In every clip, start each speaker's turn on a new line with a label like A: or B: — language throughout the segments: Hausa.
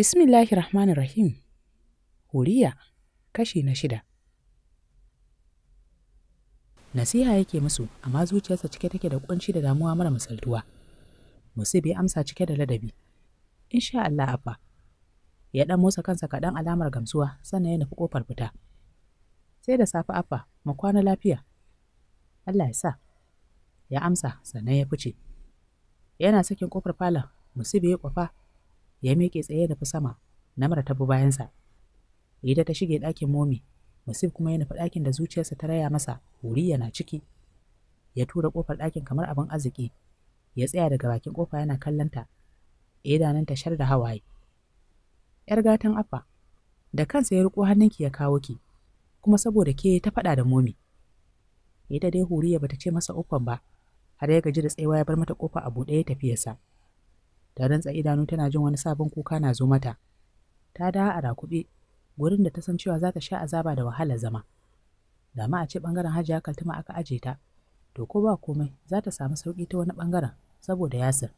A: Bismillahir Rahmanir Rahim. Huriya, kashi na shida. Nasiha yake musu, amma zuciyarsa cike take da kunci da damuwa mara misaltuwa. Musib ya amsa cike da ladabi. Insha Allah abba. Ya dan motsa kansa kaɗan alamar gamsuwa, sannan ya nufi ƙofar fita. Sai da safe abba, mu kwana lafiya. Allah ya sa. Ya amsa, sannan ya fice. Yana sakin kofar falon, Musib ya kwafa ya miƙe tsaye da fi sama namar ta bi bayansa ita ta shige ɗakin momi musif kuma ya nufi ɗakin da zuciyarsa ta raya masa wuri yana ciki ya tura ƙofar ɗakin kamar abin arziki ya tsaya daga bakin ƙofa yana kallonta ta shar da hawaye ‘yar gatan Afa, da kansa ya riƙo hannunki ya kawo ki kuma saboda ke ta faɗa da momi ita dai huriya bata ce masa ufan ba har ya gaji da tsayawa ya bar mata ƙofa a buɗe ya tafi yasa. ta rantsa idanu tana jin wani sabon kuka na zo mata ta da a rakuɓe gurin da ta san cewa za ta sha azaba da wahalar zama Dama a ce bangaren hajiya kaltuma aka aje ta to ko ba komai za ta samu sauƙi ta wani ɓangaren saboda yasir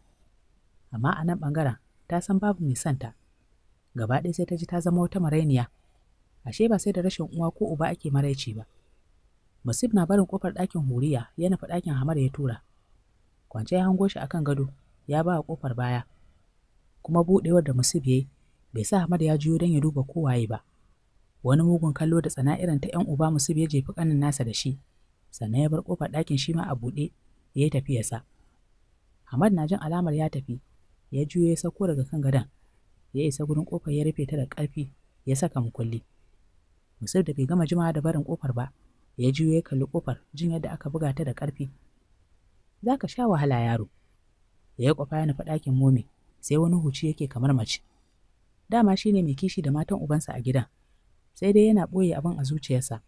A: amma a nan bangaren ta san babu mai santa gaba ɗaya sai ta ji ta zama wata marainiya ashe ba sai da rashin uwa ko uba ake maraici ba musib na barin kofar ɗakin huriya ya nufi ɗakin hamar ya tura kwance ya hango shi akan gado ya ba ƙofar baya kuma buɗewar da musib ya yi bai sa Ahmad ya jiyo don ya duba kowaye ba wani mugun kallo da tsana irin ta ‘yan uba musib ya jefi ƙanin nasa da shi sannan ya bar ƙofar ɗakin shi ma a buɗe ya yi tafiyarsa Ahmad na jin alamar ya tafi ya juyo ya sauko daga kan gadon ya isa gurin ƙofar ya rufe ta da ƙarfi ya saka mukulli kulli. da bai gama jimawa da barin ƙofar ba ya jiyo ya kalli ƙofar jin yadda aka buga ta da ƙarfi za ka sha wahala yaro da ya kwafa ya nufi ɗakin momi sai wani huci yake kamar mace dama shine mai kishi da matan ubansa a gidan sai dai yana ɓoye abin a zuciyarsa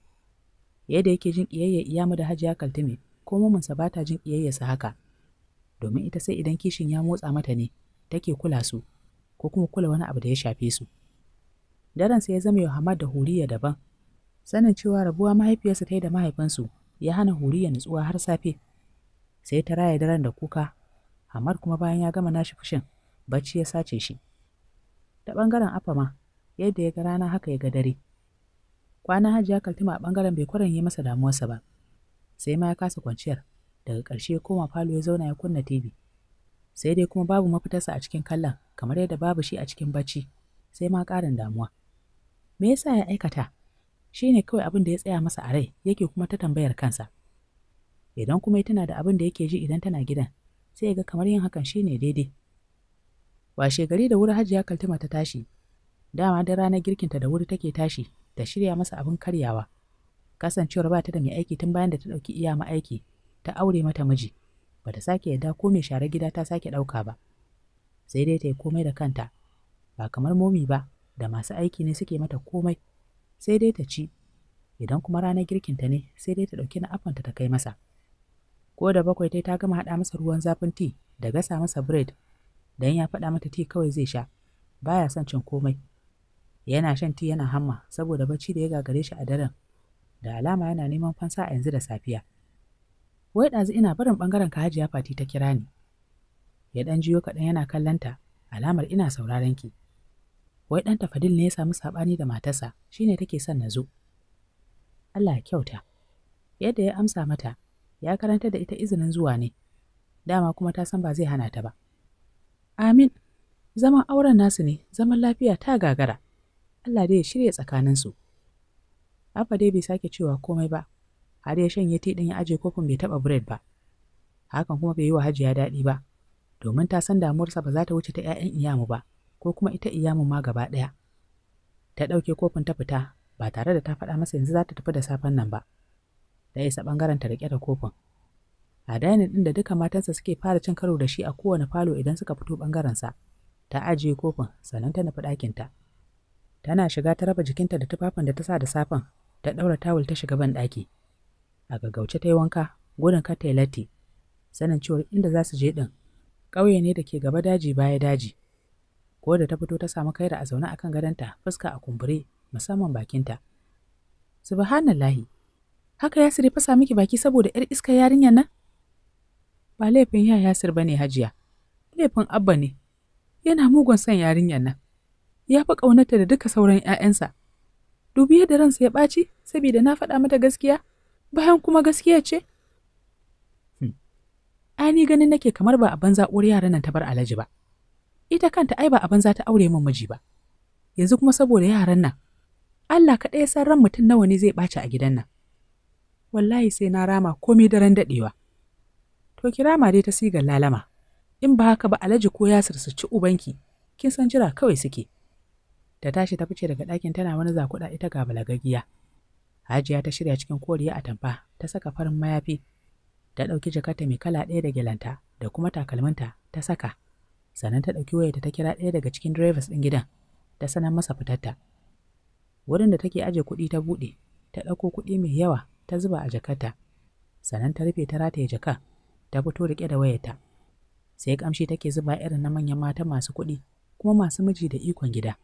A: yadda yake jin iya mu da hajiya kaltume ko mumunsa ba ta jin sa haka domin ita sai idan kishin ya motsa mata ne take kula su ko kuma kula wani abu da ya shafe su daren sai ya zama wa hamad da huriya daban sanin cewa rabuwa mahaifiyarsa ta yi da mahaifinsu ya hana huriya nutsuwa har safe sai ta raya daren da kuka Ammar kuma bayan ya gama nashi fushin, bacci ya sace shi. Ta ɓangaren afama, yadda ya ga rana haka ya ga dare. Kwana hajiya kaltuma a ɓangaren bai kwaran yi masa damuwarsa ba. Sai ma ya kasa kwanciyar, daga ƙarshe ya koma falo ya zauna ya kunna TV. Sai dai kuma babu mafitarsa a cikin kallon, kamar yadda babu shi a cikin bacci, sai ma ƙarin damuwa. Me yasa ya aikata? Shi ne kawai abin da ya tsaya masa a rai, yake kuma ta tambayar kansa. Idan kuma tana da abin da yake ji idan tana gidan, sai ya ga kamar yin hakan shi ne daidai washe gari da wuri hajiya kaltuma ta tashi dama da ranar girkinta da wuri take tashi ta shirya masa abin karyawa kasancewar ba ta da mai aiki tun bayan da ta ɗauki iya aiki ta aure mata miji ba ta sake yadda ko mai share gida ta sake ɗauka ba sai dai ta yi komai da kanta ba kamar momi ba da masu aiki ne suke mata komai sai dai ta ci idan kuma ranar girkinta ne sai dai ta ɗauki na afanta ta kai masa ko da bakwai ta ta gama haɗa masa ruwan zafin ti da gasa masa bread dan ya faɗa mata ti kawai zai sha baya son cin komai yana shan ti yana hamma saboda bacci da ya gagare shi a daren da alama yana neman fansa a yanzu da safiya wai ɗazu ina barin ɓangaren ka hajiya fati ta kira ni ya ɗan jiyo kaɗan yana kallanta alamar ina sauraron ki wai ɗanta fadil ne ya samu saɓani da matarsa shine take son na zo Allah ya kyauta yadda ya amsa mata ya karanta da ita izinin zuwa ne dama kuma ta san ba zai hana ta ba amin zaman auren nasu ne zaman lafiya ta gagara Allah dai ya shirya tsakaninsu Abba dai bai sake cewa komai ba har ya shanye ti din ya aje kofin bai taɓa bread ba hakan kuma bai yi wa hajiya daɗi ba domin ta san damuwarsa ba za ta wuce ta 'ya'yan iyamu ba ko kuma ita iyamu ma gaba ɗaya ta ɗauke kofin ta fita ba tare da ta faɗa masa yanzu za ta tafi da safen nan ba. ta isa ɓangaren ta riƙe da kofin. A dainin ɗin da duka matansa suke fara cin karo da shi a kowane falo idan suka fito sa ta ajiye kofin sannan ta nufi ta Tana shiga ta raba jikinta da tufafin da ta sa da safen, ta ɗaura tawul ta shiga ban ɗaki. A gaggauce ta yi wanka, gudun kar ta yi latti, sanin cewar inda za su je ɗin, ƙauye ne da ke gaba daji baya daji. Ko da ta fito ta samu kaira a zaune akan gadonta, fuska a kumbure, musamman bakinta. Subhanallahi, Haka Yasir ya fasa miki baki saboda ‘yar iska yarinya nan? Ba laifin ya Yasir ba ne hajiya, laifin Abba ne, yana mugun son yarinya nan, ya fi ƙaunata da duka sauran ‘ya'yansa. Dubi yadda ransa ya ɓaci saboda na faɗa mata gaskiya, bayan kuma gaskiya ce? Hmm. Ani ganin nake kamar ba a banza uwar yaran nan ta bar Alhaji ba. Ita kanta ai ba a banza ta aure min miji ba. Yanzu kuma saboda yaran nan, Allah kaɗai ya san ran mutum nawa ne zai ɓaci a gidan nan. wallahi sai na rama komai daren daɗewa. To ki rama dai ta siga lalama, in ba haka ba alaji ko yasir su ci ubanki, kin san jira kawai suke. Ta tashi ta fice daga ɗakin tana wani zakuɗa ita ga balagagiya. Hajiya ta shirya cikin koriya a tamfa, ta saka farin mayafi, ta ɗauki jakarta mai kala ɗaya da gyalanta da kuma takalminta ta saka. Sannan ta ɗauki wayarta ta kira ɗaya daga cikin drivers ɗin gidan, ta sanar masa fitarta. Wurin da take aje kuɗi ta buɗe, ta ɗauko kuɗi mai yawa ta zuba a jakarta sannan ta rufe ta rataye jaka ta fito rike da wayarta sai kamshi take zuba irin na manyan mata masu kuɗi kuma masu miji da ikon gida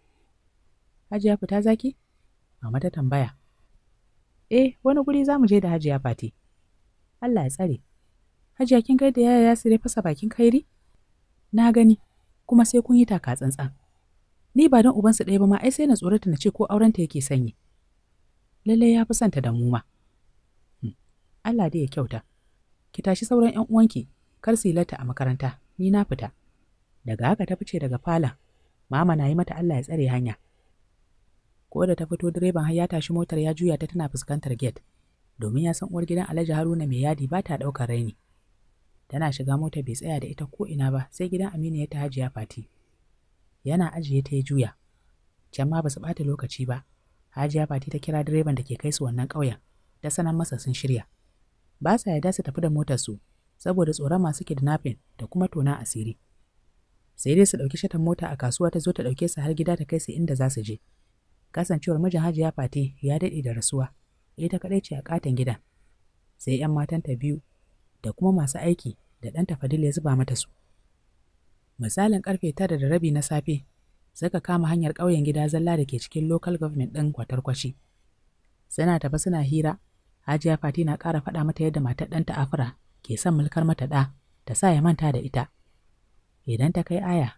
A: hajiya fita zaki mama ta tambaya eh wani guri za mu je da hajiya fati allah ya tsare hajiya kin kai da yaya yasire fasa bakin kairi na gani kuma sai kun yi taka tsantsan ni ba don ubansu ɗaya ba ma ai sai na tsorata na ce ko aurenta yake sanyi lallai ya fi santa da mu ma Allah dai ya kyauta ki tashi sauran 'yan uwanki kar su yi latta a makaranta ni na fita daga haka ta fice daga falon mama na yi mata Allah ya tsare hanya ko da ta fito direban har ya tashi motar ya juya ta tana fuskantar gate domin ya san uwar gidan Alhaji Haruna mai yadi ba ta ɗaukar raini tana shiga mota bai tsaya da ita ko ina ba sai gidan Aminu ya ta hajiya Fati yana ajiye ta ya juya can ma ba su ɓata lokaci ba Hajiya Fati ta kira direban da ke kai su wannan ƙauyen, ta sanar masa sun shirya. ba sa yarda su tafi da motarsu saboda tsoron masu kidnapping da kuma tona asiri. Sai dai su ɗauki shatan mota a kasuwa ta zo ta ɗauke su har gida ta kai su inda za su je. Kasancewar mijin Hajiya Fati ya daɗe da rasuwa, ita kaɗai ce a ƙaton gidan. Sai 'yan matanta biyu da kuma masu aiki da ɗanta Fadil ya zuba mata su. Misalin ƙarfe tara da rabi na safe, suka kama hanyar ƙauyen gida zalla da ke cikin local government ɗin kwatarkwashi. Suna tafi suna hira Hajiya Fati na ƙara faɗa mata yadda matar ɗanta Afra ke son mulkar mata ɗa ta sa ya manta da ita. Idan ta kai aya,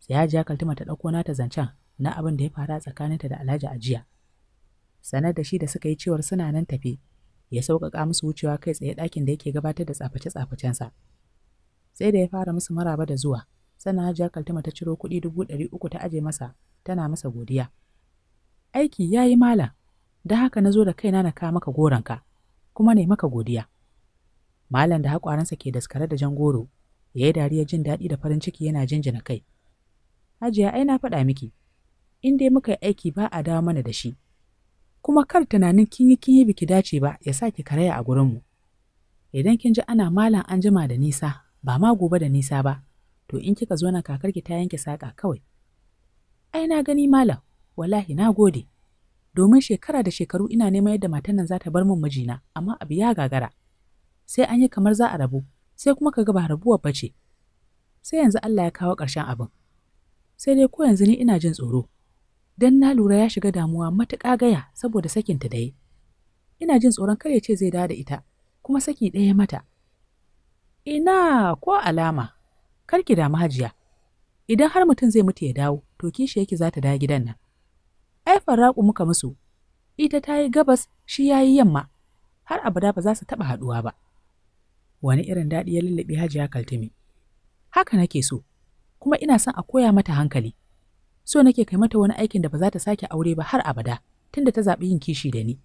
A: sai Hajiya Kaltuma ta ɗauko nata zancen na abin da ya faru a tsakaninta da Alhaji ajiya jiya. Sanar da shi da suka yi cewar suna nan tafi, ya sauƙaƙa musu wucewa kai tsaye ɗakin da yake gabatar da tsaface tsafacensa Sai da ya fara musu maraba da zuwa, sannan Hajiya Kaltuma ta ciro kuɗi dubu ɗari uku ta aje masa, tana masa godiya. Aiki ya yi malam, da haka na zo da kaina na kawo maka goronka kuma ne maka godiya malam da haƙwaransa ke daskare da jan goro ya yi dariya jin daɗi da farin ciki yana jinjina kai hajiya ai na faɗa miki in dai muka yi aiki ba a dawo mana da shi kuma kar tunanin kin yi kin yi biki dace ba ya sa ki karaya a gurinmu idan kin ji ana malam an jima da nisa ba ma gobe da nisa ba to in kika zo na kakarki ta yanke saƙa kawai ai na gani malam wallahi na gode domin shekara da shekaru ina neman yadda matan nan za ta bar min mijina amma abu ya gagara sai an yi kamar za a rabu sai kuma ka ga ba rabuwar ba ce sai yanzu Allah ya kawo ƙarshen abin sai dai ko yanzu ni ina jin tsoro dan na lura ya shiga damuwa matuƙa gaya saboda sakin ta dai ina jin tsoron kar ce zai dawo da ita kuma saki ɗaya mata ina ko alama kar ki damu hajiya idan har mutum zai mutu ya dawo to kishi yake za ta dawo gidan nan ai farraƙu muka musu ita ta yi gabas shi ya yi yamma har abada ba za su taɓa haɗuwa ba wani irin daɗi ya lullube hajiya kaltumi haka nake so kuma ina son a koya mata hankali so nake kai mata wani aikin da ba za ta sake aure ba har abada tunda ta zaɓi yin kishi da ni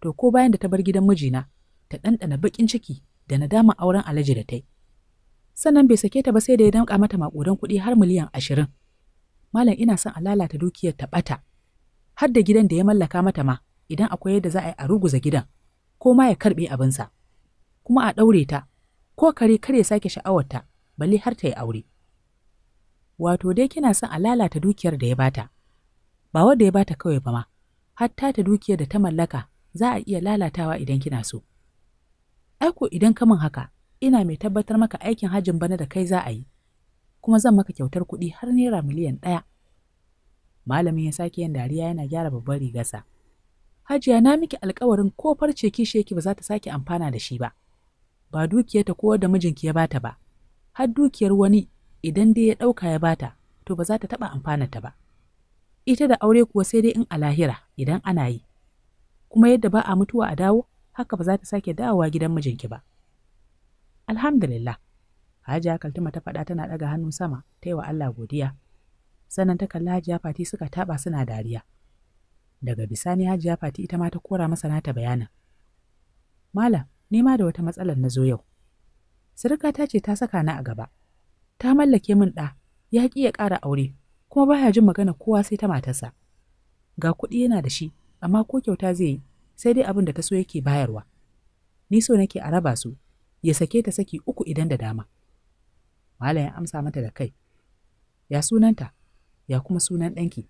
A: to ko bayan da ta bar gidan mijina ta ɗanɗana baƙin ciki da nadama auren alaji da ta yi sannan bai sake ta ba sai da ya damƙa mata maƙudan kuɗi har miliyan ashirin malam ina son a lalata dukiyar ta ɓata har da gidan da ya mallaka mata ma idan akwai yadda za a yi a ruguza gidan ko ma ya karɓe abinsa kuma a ɗaure ta ko kare kar ya sake sha'awarta balle har ta yi aure wato dai kina son a lalata dukiyar da ya bata ba wadda ya bata kawai ba ma hatta ta dukiyar da ta mallaka za a iya lalatawa idan kina so aiko idan kamun haka ina mai tabbatar maka aikin hajjin bana da kai za a yi kuma zan maka kyautar kuɗi har naira miliyan ɗaya Malamin ya sake yin dariya yana gyara babbar rigarsa. Hajiya na miki alkawarin ko farce kishi yake ba za ta sake amfana da shi ba. Ba dukiyarta ko da mijinki ya bata ba. Har dukiyar wani idan dai ya ɗauka ya bata to ba za ta taɓa amfana ta ba. Ita da aure kuwa sai dai in a lahira idan ana yi. Kuma yadda ba a mutuwa a dawo haka ba za ta sake dawowa gidan mijinki ba. Alhamdulillah. Hajiya Kaltuma ta faɗa tana ɗaga hannun sama ta yi wa Allah godiya. sannan ta kalli hajiya fati suka taɓa suna dariya daga bisani hajiya fati ita ma ta kora masa nata bayanin malam ni ma da wata matsalar na zo yau sirka ta ce ta saka ni a gaba ta mallake min ɗa ya ƙi ya ƙara aure kuma baya jin magana kowa sai ta matarsa ga kuɗi yana da shi amma ko kyauta zai yi sai dai abin da ta so yake bayarwa ni so nake a raba su ya sake ta saki uku idan da dama malam ya amsa mata da kai ya sunanta ya kuma sunan ɗanki?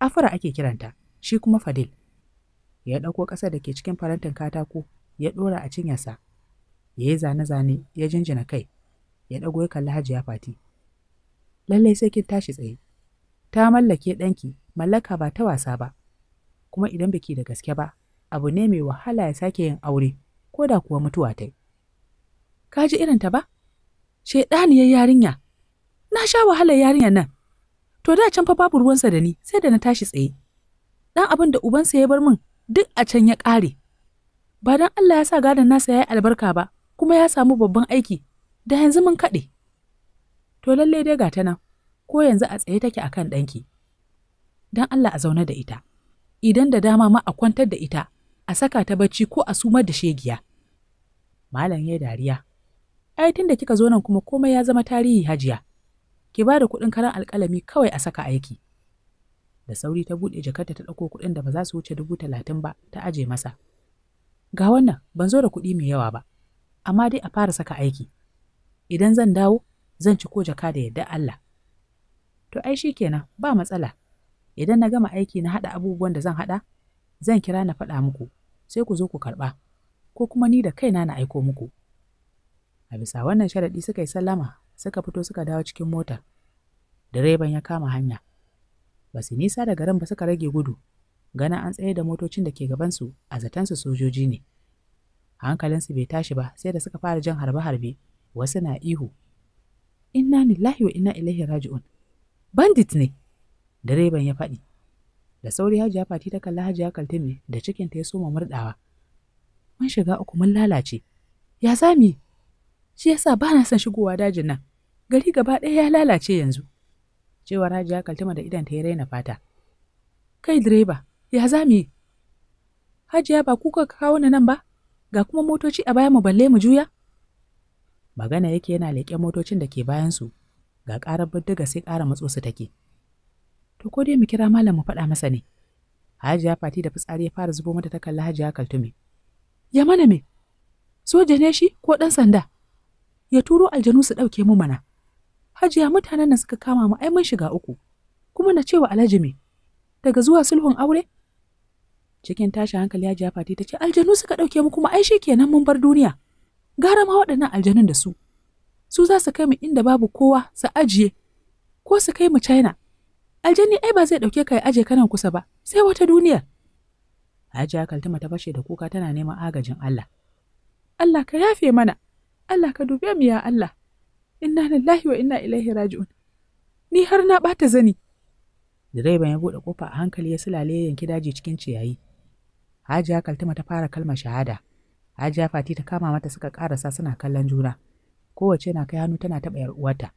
A: Afra ake kiranta, shi kuma Fadil. Ya ɗauko ƙasa da ke cikin farantin katako, ya ɗora a cinyarsa, ya yi zane-zane, ya jinjina kai, ya ɗago ya kalli hajiya fati. Lallai sai kin tashi tsaye. Ta mallake ɗanki, mallaka ba ta wasa ba. Kuma idan biki da gaske ba, abu ne mai wahala ya sake yin aure, ko da kuwa mutuwa ta yi. Ka ji irinta ba? Shaiɗaniyar yarinya, na sha wahalar yarinya nan, To da can fa babu ruwansa da ni sai da na tashi tsaye. Ɗan abin da ubansa ya bar min duk a can ya ƙare. Ba dan Allah ya sa gadon nasa ya yi albarka ba kuma ya samu babban aiki da yanzu mun kaɗe. To lallai dai ga ta nan ko yanzu a tsaye take akan ɗanki. dan Allah a zaune da ita. Idan da dama ma a kwantar da ita a saka ta bacci ko a sumar da shegiya. Malam ya dariya. Ai tun da kika zo nan kuma komai ya zama tarihi hajiya. ki ba da kuɗin karan alƙalami kawai a saka aiki. Da sauri ta buɗe jakarta ta ɗauko kuɗin da ba za su wuce dubu talatin ba ta aje masa. Ga wannan ban zo da kuɗi mai yawa ba, amma dai a fara saka aiki. Idan zan dawo, zan ci ko jaka da yadda Allah. To ai shi kenan ba matsala. Idan na gama aiki na haɗa abubuwan da zan haɗa, zan kira na faɗa muku, sai ku zo ku karɓa, ko kuma ni da kaina na aiko muku. A bisa wannan sharaɗi suka yi sallama suka fito suka dawo cikin motar direban ya kama hanya ba su nisa da garin ba suka rage gudu ganin an tsaye da motocin da ke gabansu a zaton su sojoji ne hankalinsu bai tashi ba sai da suka fara jan harbe-harbe wasu na ihu inna lillahi wa inna ilaihi raji'un bandit ne direban ya faɗi da sauri hajiya fati ta kalla hajiya kaltume da cikinta ya soma murɗawa mun shiga uku mun lalace ya sami shi yasa ba na son shigowa dajin nan gari gaba ɗaya ya lalace yanzu cewar ya kaltuma da idan ta ya raina fata kai direba ya za mu yi hajiya ba kuka kawo na nan ba ga kuma motoci a baya mu balle mu juya magana yake yana leƙe motocin da ke bayan su ga ƙarar bindiga sai ƙara matso su take to ko dai mu kira malam mu faɗa masa ne hajiya fati da fitsari ya fara zubo mata ta kalli hajiya kaltume ya mana me soja ne shi ko ɗan sanda ya turo aljanu su ɗauke mu mana hajiya mutanen nan suka kama mu ai mun shiga uku kuma na cewa alhaji me daga zuwa sulhun aure cikin tashi hankali ya jafa ta ce aljanu suka ɗauke mu kuma ai shi kenan mun bar duniya gara ma waɗannan aljanun da su su za su kai mu inda babu kowa su ajiye ko su kai mu china aljanni ai ba zai ɗauke ka ya aje kanan kusa ba sai wata duniyar hajiya kaltuma ta fashe da kuka tana neman agajin allah allah ka yafe mana Allah ka dube mu ya Allah inna lillahi wa inna ilaihi raji'un ni har na ɓata zani direban ya buɗe kofa a hankali ya sulale yanki daji cikin ciyayi Hajiya Kaltuma ta fara kalmar shahada Hajiya Fati ta kama mata suka karasa suna kallon juna kowace na kai hannu tana taɓa yar uwarta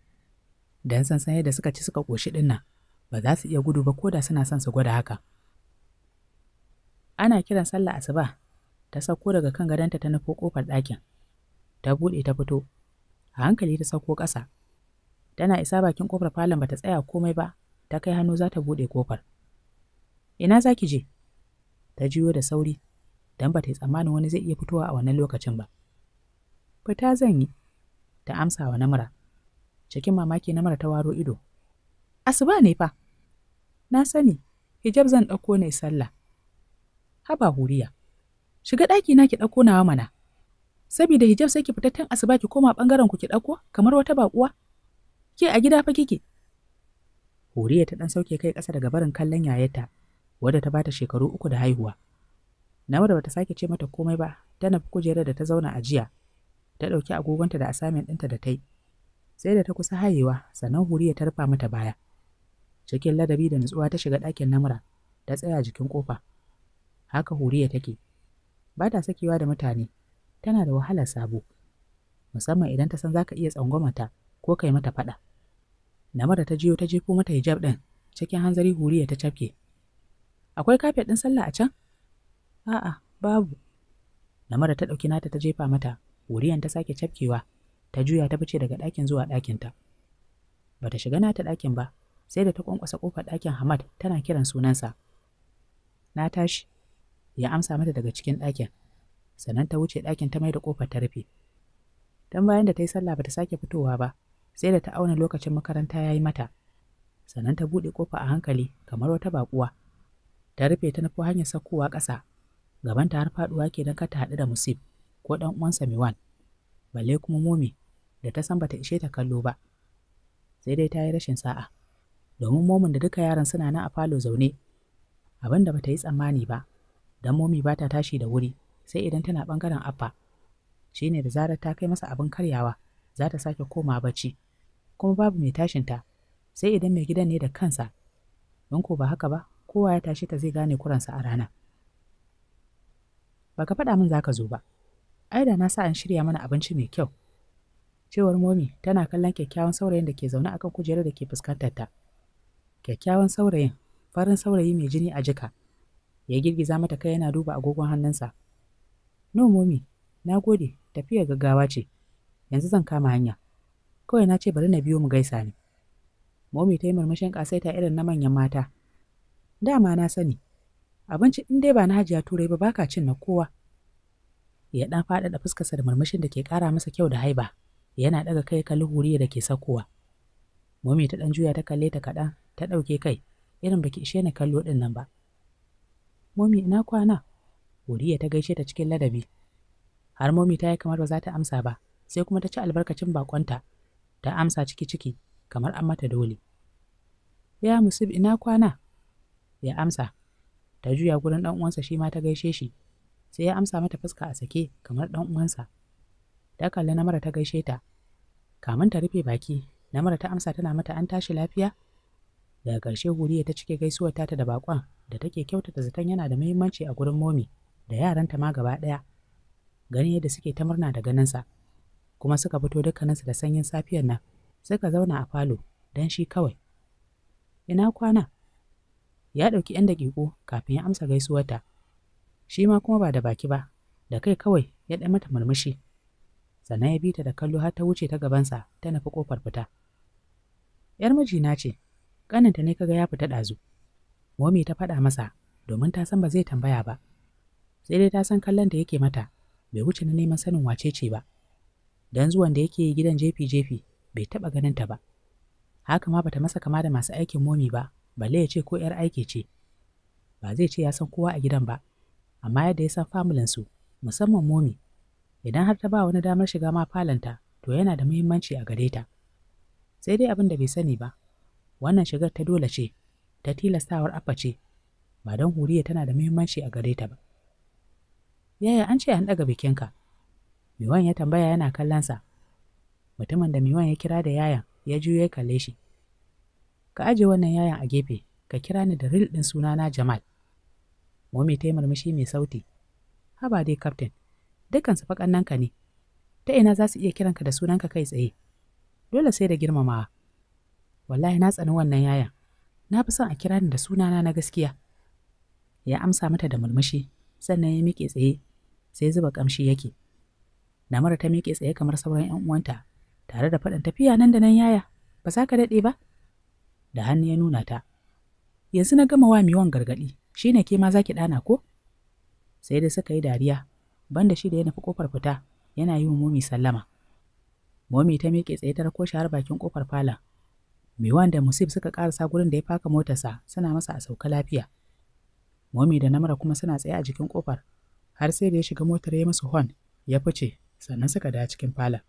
A: dan san san yadda suka ci suka koshi ɗinnan, ba za su iya gudu ba ko da suna son su gwada haka ana kiran sallah asuba ta sauko daga kan gadonta ta nufo kofar ɗakin ta buɗe ta fito a hankali ta sauko ƙasa tana isa bakin ƙofar falon ba ta tsaya komai ba ta kai hannu za ta buɗe ƙofar ina za ki je ta juyo da sauri don ta yi tsammanin wani zai iya fitowa a wannan lokacin ba fita zan yi ta amsa wa namura cikin mamaki namura ta waro ido asuba ne fa na sani hijab zan ɗauko ne sallah haba huriya shiga ɗaki na ki ɗauko nawa mana Saboda hijab sai ki fita tun asuba ki koma bangaren ku ki dauko kamar wata bakuwa. Ke a gida fa kike? Huriya ta dan sauke kai ƙasa daga barin kallon yayata, wadda ta bata shekaru uku da haihuwa. Na wanda bata sake ce mata komai ba, tana fi kujerar da ta zauna a jiya. Ta ɗauki agogonta da assignment ɗinta da ta Sai da ta kusa hayewa, sannan Huriya ta rufa mata baya. Cikin ladabi da nutsuwa ta shiga ɗakin namura, ta tsaya jikin kofa Haka Huriya take. Ba ta sakewa da mutane, tana da wahalar sabo musamman idan ta san za ka iya tsangwamata ko kai mata faɗa mara ta jiyo ta jefo mata hijab ɗin cikin hanzari huriya ta cafke akwai kafet ɗin sallah a can a'a babu namara ta ɗauki nata ta jefa mata huriyan ta sake cafkewa ta juya ta fice daga ɗakin zuwa ɗakinta bata shiga nata ɗakin ba sai da ta kwankwasa kofar ɗakin Hamad tana kiran sunansa. Na tashi, ya amsa mata daga cikin ɗakin. sannan ta wuce ɗakin ta mai da ƙofar ta rufe. Tun bayan da ta yi sallah ba ta sake fitowa ba, sai da ta auna lokacin makaranta ya yi mata. Sannan ta buɗe ƙofa a hankali kamar wata baƙuwa. Ta rufe ta nufi hanyar sakkowa ƙasa, gabanta har faɗuwa ke don ta haɗu da musib ko ɗan uwansa miwan. Balle kuma momi da ta san bata ishe ta kallo ba. Sai dai ta yi rashin sa'a. Domin momin da duka yaran suna nan a falo zaune, abin da bata yi tsammani ba, don momi ba ta tashi da wuri sai idan tana ɓangaren abba shi ne da zarar ta kai masa abin karyawa za ta sake koma bacci kuma babu mai tashinta sai idan mai gidan ne da kansa don ko ba haka ba kowa ya tashi ta zai gane kuransa a rana ba ka faɗa min za ka zo ba ai da na sa an shirya mana abinci mai kyau cewar momi tana kallon kyakkyawan saurayin da ke zaune a kan kujerar da ke fuskantar ta kyakkyawan saurayin farin saurayi mai jini a jika ya girgiza mata kai yana duba agogon hannunsa No momi, na gode, tafiyar gaggawa ce. Yanzu zan kama hanya. Kawai na ce bari na biyo mu gaisa ne. Momi ta yi murmushin ƙasaita irin na manyan mata. Dama na sani, abinci in dai ba na hajiya turai ba baka cin na kowa. Ya ɗan faɗaɗa fuskarsa da murmushin da ke ƙara masa kyau da haiba, yana ɗaga kai kalli huriya da ke sakowa. Momi ta ɗan juya ta kalle ta kaɗan, ta ɗauke kai, irin baki ishe ni kallo ɗin nan ba. Momi ina kwana? Godiya ta gaishe ta cikin ladabi. Har momi ta yi kamar ba za ta amsa ba, sai kuma ta ci albarkacin bakonta. Ta amsa ciki-ciki, kamar an mata dole. Ya Musib ina kwana? Ya amsa. Ta juya gurin ɗan uwansa shi ma ta gaishe shi. Sai ya amsa mata fuska a sake kamar ɗan uwansa. Ta kalli na mara ta gaishe ta. Kamun ta rufe baki, na mara ta amsa tana mata an tashi lafiya? Daga ƙarshe Huriya ta cike gaisuwar tata da bakon da take kyautata zaton yana da muhimmanci a gurin momi. da yaranta ma gaba ɗaya ganin yadda suke ta murna da ganinsa kuma suka fito dukkaninsu da sanyin safiyar nan suka zauna a falo don shi kawai ina kwana ya ɗauki 'yan daƙiƙo kafin ya amsa gaisuwarta shi ma kuma ba da baki ba da kai kawai ya ɗan mata murmushi sannan ya bi ta da kallo har ta wuce ta gabansa ta nufi ƙofar fita ‘yar mijina ce ƙaninta ne kaga ya fita ɗazu momi ta faɗa masa domin ta san ba zai tambaya ba sai dai ta san kallon da yake mata bai wuce na neman sanin wace ce ba dan zuwan da yake gidan jefi jefi bai taba ganin ta ba haka ma bata masa kama da masu aikin momi ba balle ya ce ko yar aiki ce ba zai ce ya san kowa a gidan ba amma yadda ya san familin su musamman momi idan har ta ba wani damar shiga ma falanta to yana da muhimmanci a gare ta sai dai abin da bai sani ba wannan shigar ta dole ce ta tilastawar afa ce ba don huriya tana da muhimmanci a gare ta ba Yaya an ce an ɗaga bikinka. Miwan ya tambaya yana kallonsa. Mutumin da Miwan ya kira da yayan ya juyo ya kalle shi. Ka aje wannan yayan a gefe, ka kira ni da ril ɗin sunana Jamal. Momi ta yi murmushi mai sauti. Haba dai kaftin, dukansu fa ƙannanka ne. Ta ina za su iya kiranka da sunanka kai tsaye. Dole sai da girmamawa. Wallahi na tsani wannan yayan. Na fi son a kira ni da sunana na gaskiya. Ya amsa mata da murmushi, sannan ya miƙe tsaye sai zuba kamshi yake namara ta miƙe tsaye kamar sauran 'yan uwanta tare da faɗan tafiya nan da nan yaya ba za ka daɗe ba da hannu ya nuna ta yanzu na gama wa miwan gargaɗi ne ke ma za ki ɗana ko sai da suka yi dariya banda shi da ya nufi ƙofar fita yana yi wa momi sallama momi ta miƙe tsaye ta rako shahar bakin ƙofar falon miwan da musib suka ƙarasa gurin da ya faka motarsa suna masa a sauka lafiya momi da namara kuma suna tsaye a jikin ƙofar har sai da ya shiga motar ya masa hon ya fice sannan suka da cikin falon.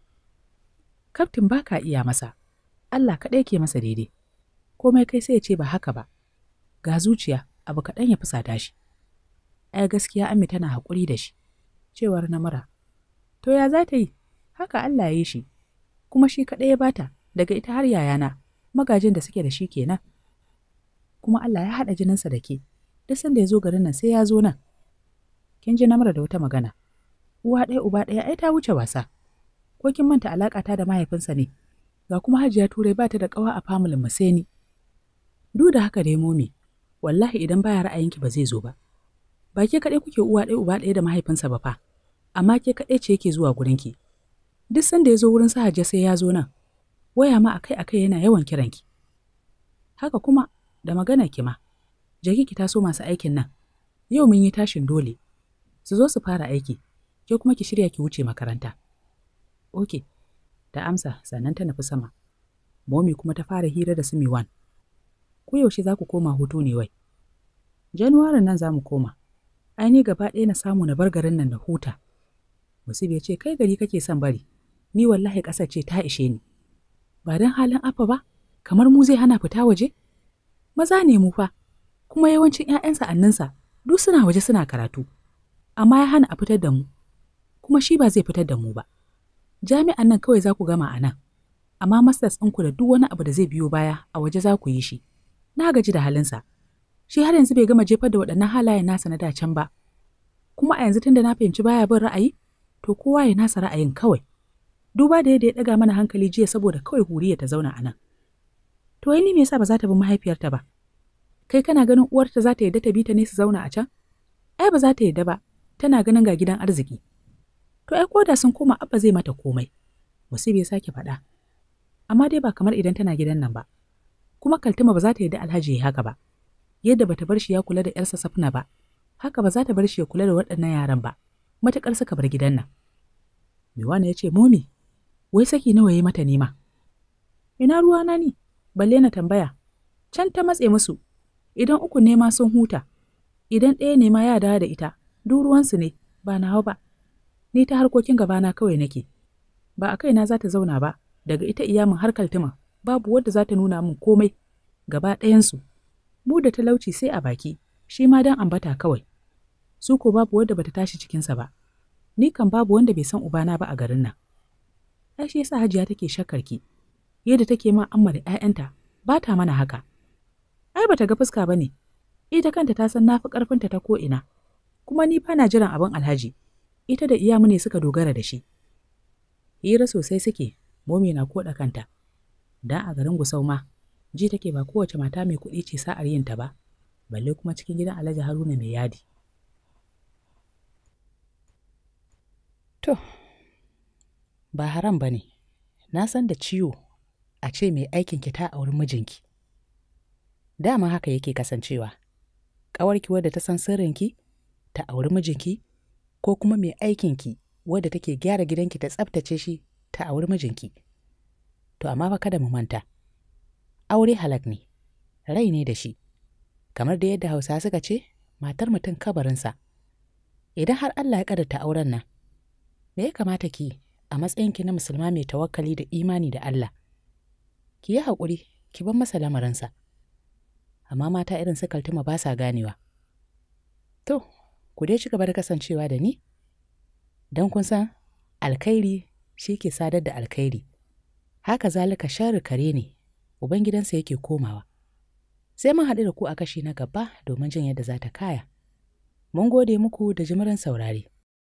A: Kaftin ba ka iya masa, Allah kaɗai ke masa daidai, komai kai sai ya ce ba haka ba, ga zuciya abu kaɗan ya fusata shi. Ai gaskiya Ami tana haƙuri da shi, cewar na mura. To ya za ta yi, haka Allah ya yi shi, kuma shi kaɗai ya bata daga ita har yayana, magajin da suke da shi kenan. Kuma Allah ya haɗa jininsa da ke, duk sanda ya zo garin nan sai ya zo nan, kin ji namra da wata magana uwa ɗaya uba ɗaya ai ta wuce wasa ko kin manta ta da mahaifinsa ne ga kuma hajiya turai ba ta da kawa a familin mu sai ni duk da haka dai momi wallahi idan baya ki, ba zai zo ba ba ke kaɗai kuke uwa ɗaya uba ɗaya da mahaifinsa ba fa amma ke kaɗai ce yake zuwa gurin ki. duk sanda ya zo wurin sa hajiya sai ya zo nan waya ma akai akai yana yawan kiran ki. haka kuma da magana ki ma jaki ki taso masu aikin nan yau mun yi tashin dole su zo su fara aiki ke kuma ki shirya ki wuce makaranta oke ta amsa sannan ta nufi sama momi kuma ta fara hira da sumi wan Ku yaushe za ku koma hutu ne wai januwarin nan za mu koma ai ni gaba ɗaya na samu na bar garin nan na huta musibi ya ce kai gari kake son bari ni wallahi ƙasar ce ta ishe ni ba don halin afa ba kamar mu zai hana fita waje maza ne mu fa kuma yawancin 'ya'yansa annansa duk suna waje suna karatu amma ya hana a fitar da mu, kuma shi ba zai fitar da mu ba. Jami'an nan kawai za ku gama a nan, amma masters ɗinku da duk wani abu da zai biyo baya a waje za ku yi shi. Na gaji da halinsa, shi har yanzu bai gama jefar da waɗannan halayen nasa na dacen ba. Kuma a yanzu tunda na fahimci baya bin ra'ayi, to kowa ya nasa ra'ayin kawai. Duba da yadda ya ɗaga mana hankali jiya saboda kawai huriya ta zauna a nan. To ni me yasa ba za ta bi mahaifiyarta ba? Kai kana ganin uwarta za ta yarda ta bi ta ne su zauna a can? Ai ba za ta yarda ba, tana ganin ga gidan arziki to ai koda sun koma abba zai mata komai musib ya sake faɗa amma dai ba kamar idan tana gidan nan ba kuma kaltuma ba za ta yarda alhaji ya haka ba yadda bata bar shi ya kula da yarsa safna ba haka ba za ta bar shi ya kula da waɗannan yaran ba matuƙar suka bar gidan nan Miwana ya ce momi wai saki nawa ya yi mata nema ina ruwa na ni balle na tambaya can ta matse musu idan uku nema sun huta idan ɗaya nema ya dawo da ita duk ruwansu ne, ba nawa ba. Ni ta harkokin gabana kawai nake. Ba a kaina za ta zauna ba, daga ita iyamin har kaltuma, babu wanda za ta nuna mun komai, gaba ɗayansu. Mu da talauci sai a baki, shi ma dan ambata kawai. Su ko babu wanda bata tashi cikinsa ba. Ni kan babu wanda bai san ubana ba a garin nan. Ai shi yasa Hajiya take shakarki ki. Yadda take ma amma da ƴaƴanta, ba ta mana haka. Ai bata ga fuska bane. Ita kanta ta san nafi ƙarfinta ta ko ina. kuma ni fa na jiran abin alhaji ita da iya mune suka dogara da shi hira sosai suke momi na koɗa kanta da a garin gusau ma ji take ba kowace mata mai kuɗi ce sa'ar yin ta ba balle kuma cikin gidan alhaji haruna mai yadi to ba haram ba ne na san da ciwo a ce mai aikin ki ta auri mijinki dama haka yake kasancewa ƙawarki wadda ta san sirrinki ta auri mijinki ko kuma mai aikinki wadda take gyara gidanki ta tsabtace shi ta auri mijinki. To amma fa kada mu manta. Aure halak ne, rai ne da shi. Kamar da yadda Hausa suka ce, matar mutum kabarinsa. Idan har Allah ya ta auren nan, me ya kamata ki a matsayinki na musulma mai tawakkali da imani da Allah? Ki yi haƙuri, ki bar masa lamarinsa. Amma mata irin su kaltuma ba sa ganewa. To, ku dai ci gaba da kasancewa da ni don kun san alkhairi shi ke sadar da alkhairi haka zalika sharri kare ne ubangidansa yake komawa sai mun haɗu da ku a kashi na gaba domin jin yadda za ta kaya mun gode muku da jimirin saurare